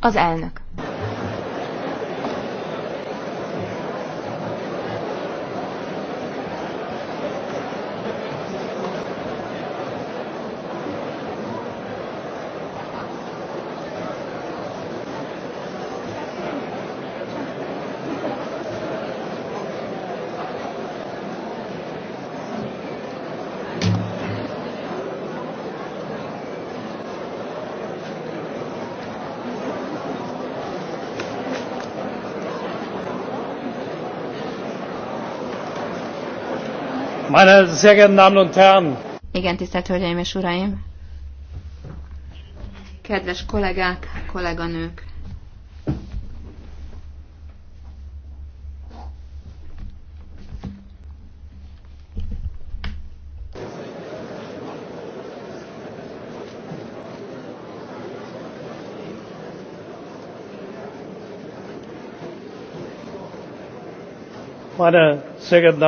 Az elnök. Meine sehr geehrten Damen und Herren! Igen, tisztelt Hölgyeim és Uraim! Kedves kollégák, kolléganők! Meine sehr geehrten